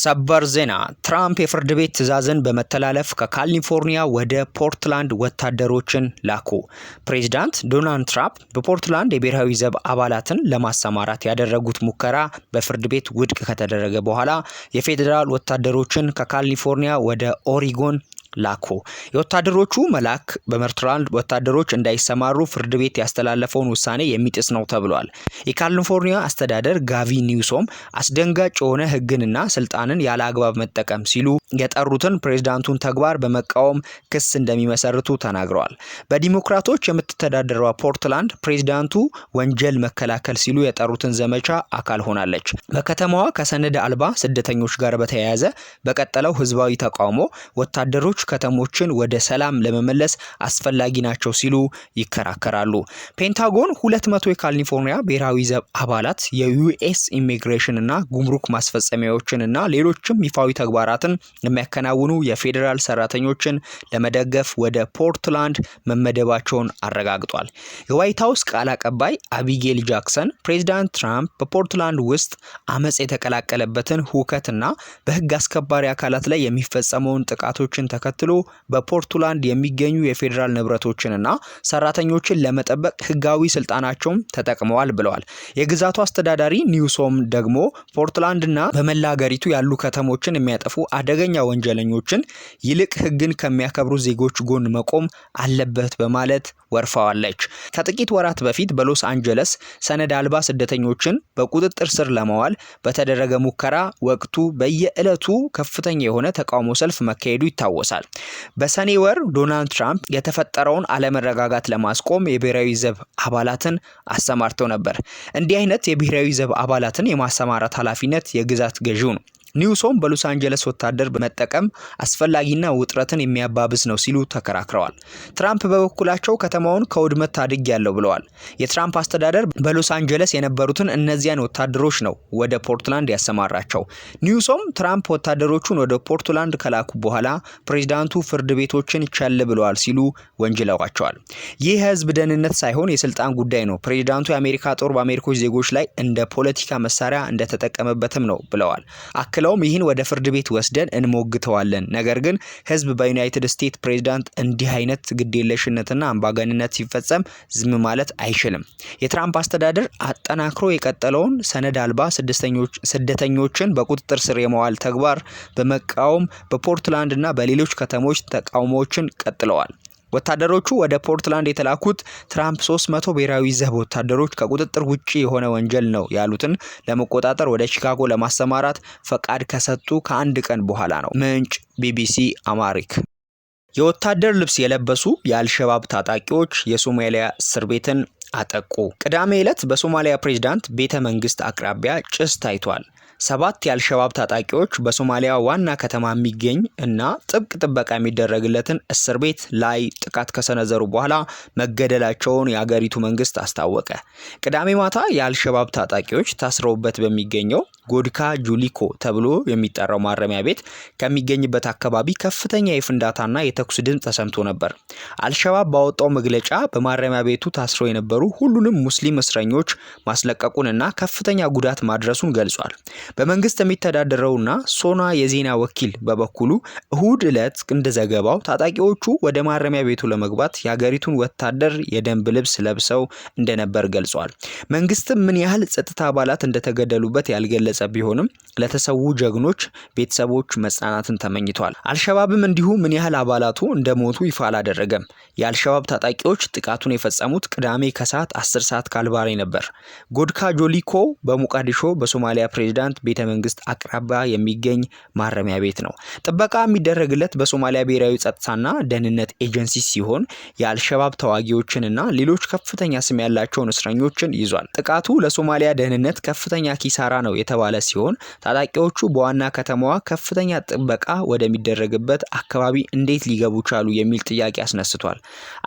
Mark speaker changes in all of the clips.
Speaker 1: ሰበር ዜና ትራምፕ የፍርድ ቤት ትዕዛዝን በመተላለፍ ከካሊፎርኒያ ወደ ፖርትላንድ ወታደሮችን ላኩ። ፕሬዚዳንት ዶናልድ ትራምፕ በፖርትላንድ የብሔራዊ ዘብ አባላትን ለማሰማራት ያደረጉት ሙከራ በፍርድ ቤት ውድቅ ከተደረገ በኋላ የፌዴራል ወታደሮችን ከካሊፎርኒያ ወደ ኦሪጎን ላኮ። የወታደሮቹ መላክ በመርትራንድ ወታደሮች እንዳይሰማሩ ፍርድ ቤት ያስተላለፈውን ውሳኔ የሚጥስ ነው ተብሏል። የካሊፎርኒያ አስተዳደር ጋቪ ኒውሶም አስደንጋጭ የሆነ ሕግንና ስልጣንን ያለ አግባብ መጠቀም ሲሉ የጠሩትን ፕሬዝዳንቱን ተግባር በመቃወም ክስ እንደሚመሰርቱ ተናግረዋል። በዲሞክራቶች የምትተዳደረዋ ፖርትላንድ ፕሬዝዳንቱ ወንጀል መከላከል ሲሉ የጠሩትን ዘመቻ አካል ሆናለች። በከተማዋ ከሰነድ አልባ ስደተኞች ጋር በተያያዘ በቀጠለው ህዝባዊ ተቃውሞ ወታደሮች ከተሞችን ወደ ሰላም ለመመለስ አስፈላጊ ናቸው ሲሉ ይከራከራሉ። ፔንታጎን 200 የካሊፎርኒያ ብሔራዊ ዘብ አባላት የዩኤስ ኢሚግሬሽን እና ጉምሩክ ማስፈጸሚያዎችን እና ሌሎችም ይፋዊ ተግባራትን የሚያከናውኑ የፌዴራል ሰራተኞችን ለመደገፍ ወደ ፖርትላንድ መመደባቸውን አረጋግጧል። የዋይት ሃውስ ቃል አቀባይ አቢጌል ጃክሰን ፕሬዚዳንት ትራምፕ በፖርትላንድ ውስጥ አመፅ የተቀላቀለበትን ሁከትና በህግ አስከባሪ አካላት ላይ የሚፈጸመውን ጥቃቶችን ተከ ተከትሎ በፖርቱላንድ የሚገኙ የፌዴራል ንብረቶችንና ሰራተኞችን ለመጠበቅ ህጋዊ ስልጣናቸውም ተጠቅመዋል ብለዋል። የግዛቱ አስተዳዳሪ ኒውሶም ደግሞ ፖርትላንድና በመላ ሀገሪቱ ያሉ ከተሞችን የሚያጠፉ አደገኛ ወንጀለኞችን ይልቅ ህግን ከሚያከብሩ ዜጎች ጎን መቆም አለበት በማለት ወርፋዋለች። ከጥቂት ወራት በፊት በሎስ አንጀለስ ሰነድ አልባ ስደተኞችን በቁጥጥር ስር ለማዋል በተደረገ ሙከራ ወቅቱ በየዕለቱ ከፍተኛ የሆነ ተቃውሞ ሰልፍ መካሄዱ ይታወሳል። ይላል። በሰኔ ወር ዶናልድ ትራምፕ የተፈጠረውን አለመረጋጋት ለማስቆም የብሔራዊ ዘብ አባላትን አሰማርተው ነበር። እንዲህ አይነት የብሔራዊ ዘብ አባላትን የማሰማራት ኃላፊነት የግዛት ገዢው ነው። ኒውሶም በሎስ አንጀለስ ወታደር መጠቀም አስፈላጊና ውጥረትን የሚያባብስ ነው ሲሉ ተከራክረዋል። ትራምፕ በበኩላቸው ከተማውን ከውድመት ታድግ ያለው ብለዋል። የትራምፕ አስተዳደር በሎስ አንጀለስ የነበሩትን እነዚያን ወታደሮች ነው ወደ ፖርትላንድ ያሰማራቸው። ኒውሶም ትራምፕ ወታደሮቹን ወደ ፖርትላንድ ከላኩ በኋላ ፕሬዚዳንቱ ፍርድ ቤቶችን ቸል ብለዋል ሲሉ ወንጅለዋቸዋል። ይህ የህዝብ ደህንነት ሳይሆን የስልጣን ጉዳይ ነው። ፕሬዚዳንቱ የአሜሪካ ጦር በአሜሪኮች ዜጎች ላይ እንደ ፖለቲካ መሳሪያ እንደተጠቀመበትም ነው ብለዋል። አክለውም ይህን ወደ ፍርድ ቤት ወስደን እንሞግተዋለን። ነገር ግን ህዝብ በዩናይትድ ስቴትስ ፕሬዚዳንት እንዲህ አይነት ግዴለሽነትና አምባገንነት ሲፈጸም ዝም ማለት አይችልም። የትራምፕ አስተዳደር አጠናክሮ የቀጠለውን ሰነድ አልባ ስደተኞችን በቁጥጥር ስር የመዋል ተግባር በመቃወም በፖርትላንድና በሌሎች ከተሞች ተቃውሞዎችን ቀጥለዋል። ወታደሮቹ ወደ ፖርትላንድ የተላኩት ትራምፕ 300 ብሔራዊ ዘብ ወታደሮች ከቁጥጥር ውጪ የሆነ ወንጀል ነው ያሉትን ለመቆጣጠር ወደ ቺካጎ ለማሰማራት ፈቃድ ከሰጡ ከአንድ ቀን በኋላ ነው። ምንጭ ቢቢሲ አማሪክ። የወታደር ልብስ የለበሱ የአልሸባብ ታጣቂዎች የሶማሊያ እስር ቤትን አጠቁ። ቅዳሜ ዕለት በሶማሊያ ፕሬዝዳንት ቤተ መንግስት አቅራቢያ ጭስ ታይቷል። ሰባት የአልሸባብ ታጣቂዎች በሶማሊያ ዋና ከተማ የሚገኝ እና ጥብቅ ጥበቃ የሚደረግለትን እስር ቤት ላይ ጥቃት ከሰነዘሩ በኋላ መገደላቸውን የአገሪቱ መንግስት አስታወቀ። ቅዳሜ ማታ የአልሸባብ ታጣቂዎች ታስረውበት በሚገኘው ጎድካ ጁሊኮ ተብሎ የሚጠራው ማረሚያ ቤት ከሚገኝበት አካባቢ ከፍተኛ የፍንዳታና የተኩስ ድምፅ ተሰምቶ ነበር። አልሸባብ ባወጣው መግለጫ በማረሚያ ቤቱ ታስረው የነበሩ ሁሉንም ሙስሊም እስረኞች ማስለቀቁንና ከፍተኛ ጉዳት ማድረሱን ገልጿል። በመንግስት የሚተዳደረውና ሶና የዜና ወኪል በበኩሉ እሁድ ዕለት እንደዘገባው ታጣቂዎቹ ወደ ማረሚያ ቤቱ ለመግባት የሀገሪቱን ወታደር የደንብ ልብስ ለብሰው እንደነበር ገልጿል። መንግስትም ምን ያህል ጸጥታ አባላት እንደተገደሉበት ያልገለጸ ቢሆንም ለተሰዉ ጀግኖች ቤተሰቦች መጽናናትን ተመኝቷል። አልሸባብም እንዲሁ ምን ያህል አባላቱ እንደሞቱ ይፋ አላደረገም። የአልሸባብ ታጣቂዎች ጥቃቱን የፈጸሙት ቅዳሜ ከሰዓት 10 ሰዓት ካልባሬ ነበር። ጎድካ ጆሊኮ በሞቃዲሾ በሶማሊያ ፕሬዚዳንት ፕሬዚዳንት ቤተ መንግስት አቅራቢያ የሚገኝ ማረሚያ ቤት ነው። ጥበቃ የሚደረግለት በሶማሊያ ብሔራዊ ጸጥታና ደህንነት ኤጀንሲ ሲሆን የአልሸባብ ተዋጊዎችንና ሌሎች ከፍተኛ ስም ያላቸውን እስረኞችን ይዟል። ጥቃቱ ለሶማሊያ ደህንነት ከፍተኛ ኪሳራ ነው የተባለ ሲሆን ታጣቂዎቹ በዋና ከተማዋ ከፍተኛ ጥበቃ ወደሚደረግበት አካባቢ እንዴት ሊገቡ ቻሉ የሚል ጥያቄ አስነስቷል።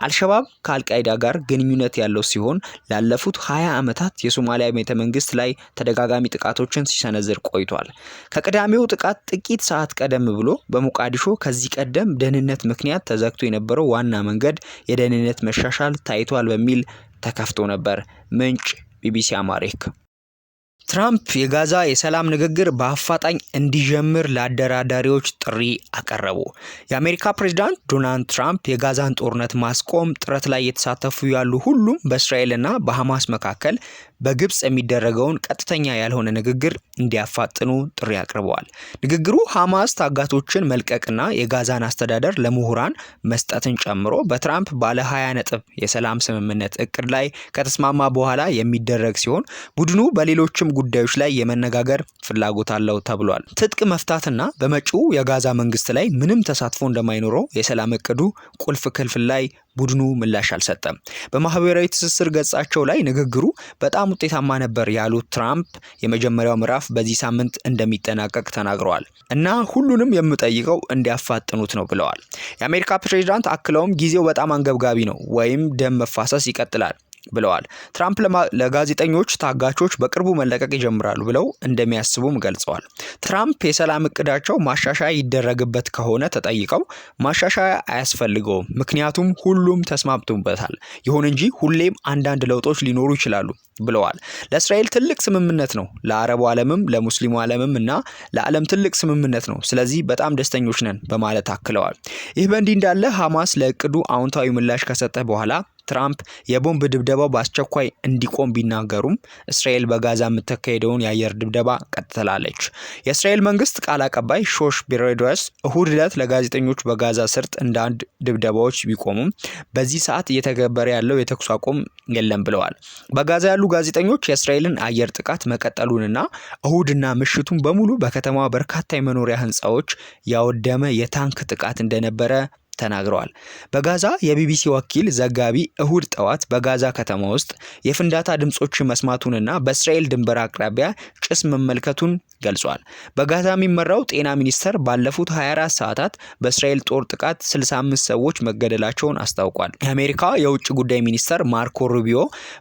Speaker 1: አልሸባብ ከአልቃይዳ ጋር ግንኙነት ያለው ሲሆን ላለፉት ሀያ ዓመታት የሶማሊያ ቤተ መንግስት ላይ ተደጋጋሚ ጥቃቶችን ሲሰነ ሲሰነዝር ቆይቷል። ከቅዳሜው ጥቃት ጥቂት ሰዓት ቀደም ብሎ በሞቃዲሾ ከዚህ ቀደም ደህንነት ምክንያት ተዘግቶ የነበረው ዋና መንገድ የደህንነት መሻሻል ታይቷል በሚል ተከፍቶ ነበር። ምንጭ ቢቢሲ አማሪክ። ትራምፕ የጋዛ የሰላም ንግግር በአፋጣኝ እንዲጀምር ለአደራዳሪዎች ጥሪ አቀረቡ። የአሜሪካ ፕሬዝዳንት ዶናልድ ትራምፕ የጋዛን ጦርነት ማስቆም ጥረት ላይ የተሳተፉ ያሉ ሁሉም በእስራኤልና በሐማስ መካከል በግብፅ የሚደረገውን ቀጥተኛ ያልሆነ ንግግር እንዲያፋጥኑ ጥሪ አቅርበዋል። ንግግሩ ሐማስ ታጋቶችን መልቀቅና የጋዛን አስተዳደር ለምሁራን መስጠትን ጨምሮ በትራምፕ ባለ 20 ነጥብ የሰላም ስምምነት እቅድ ላይ ከተስማማ በኋላ የሚደረግ ሲሆን ቡድኑ በሌሎችም ጉዳዮች ላይ የመነጋገር ፍላጎት አለው ተብሏል። ትጥቅ መፍታትና በመጪው የጋዛ መንግስት ላይ ምንም ተሳትፎ እንደማይኖረው የሰላም እቅዱ ቁልፍ ክልፍል ላይ ቡድኑ ምላሽ አልሰጠም። በማህበራዊ ትስስር ገጻቸው ላይ ንግግሩ በጣም ውጤታማ ነበር ያሉት ትራምፕ የመጀመሪያው ምዕራፍ በዚህ ሳምንት እንደሚጠናቀቅ ተናግረዋል እና ሁሉንም የምጠይቀው እንዲያፋጥኑት ነው ብለዋል። የአሜሪካ ፕሬዚዳንት አክለውም ጊዜው በጣም አንገብጋቢ ነው ወይም ደም መፋሰስ ይቀጥላል ብለዋል። ትራምፕ ለጋዜጠኞች ታጋቾች በቅርቡ መለቀቅ ይጀምራሉ ብለው እንደሚያስቡም ገልጸዋል። ትራምፕ የሰላም እቅዳቸው ማሻሻያ ይደረግበት ከሆነ ተጠይቀው ማሻሻያ አያስፈልገውም፣ ምክንያቱም ሁሉም ተስማምቶበታል። ይሁን እንጂ ሁሌም አንዳንድ ለውጦች ሊኖሩ ይችላሉ ብለዋል። ለእስራኤል ትልቅ ስምምነት ነው፣ ለአረቡ ዓለምም ለሙስሊሙ ዓለምም እና ለዓለም ትልቅ ስምምነት ነው። ስለዚህ በጣም ደስተኞች ነን በማለት አክለዋል። ይህ በእንዲህ እንዳለ ሐማስ ለእቅዱ አዎንታዊ ምላሽ ከሰጠ በኋላ ትራምፕ የቦምብ ድብደባው በአስቸኳይ እንዲቆም ቢናገሩም እስራኤል በጋዛ የምትካሄደውን የአየር ድብደባ ቀጥላለች። የእስራኤል መንግስት ቃል አቀባይ ሾሽ ቤሬዶስ እሁድ ዕለት ለጋዜጠኞች በጋዛ ስርጥ እንደ አንድ ድብደባዎች ቢቆሙም በዚህ ሰዓት እየተገበረ ያለው የተኩስ አቁም የለም ብለዋል። በጋዛ ያሉ ጋዜጠኞች የእስራኤልን አየር ጥቃት መቀጠሉንና እሁድና ምሽቱን በሙሉ በከተማዋ በርካታ የመኖሪያ ህንፃዎች ያወደመ የታንክ ጥቃት እንደነበረ ተናግረዋል። በጋዛ የቢቢሲ ወኪል ዘጋቢ እሁድ ጠዋት በጋዛ ከተማ ውስጥ የፍንዳታ ድምፆች መስማቱንና በእስራኤል ድንበር አቅራቢያ ጭስ መመልከቱን ገልጿል። በጋዛ የሚመራው ጤና ሚኒስቴር ባለፉት 24 ሰዓታት በእስራኤል ጦር ጥቃት 65 ሰዎች መገደላቸውን አስታውቋል። የአሜሪካ የውጭ ጉዳይ ሚኒስተር ማርኮ ሩቢዮ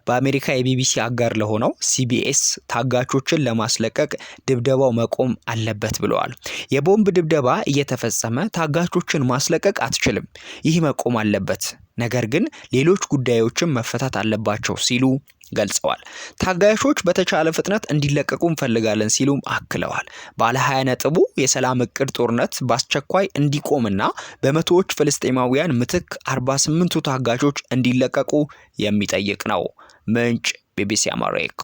Speaker 1: በአሜሪካ የቢቢሲ አጋር ለሆነው ሲቢኤስ ታጋቾችን ለማስለቀቅ ድብደባው መቆም አለበት ብለዋል። የቦምብ ድብደባ እየተፈጸመ ታጋቾችን ማስለቀቅ አትችልም። ይህ መቆም አለበት ነገር ግን ሌሎች ጉዳዮችም መፈታት አለባቸው ሲሉ ገልጸዋል። ታጋሾች በተቻለ ፍጥነት እንዲለቀቁ እንፈልጋለን ሲሉም አክለዋል። ባለ 20 ነጥቡ የሰላም እቅድ ጦርነት በአስቸኳይ እንዲቆምና በመቶዎች ፍልስጤማውያን ምትክ 48ቱ ታጋቾች እንዲለቀቁ የሚጠይቅ ነው። ምንጭ ቢቢሲ አማሪክ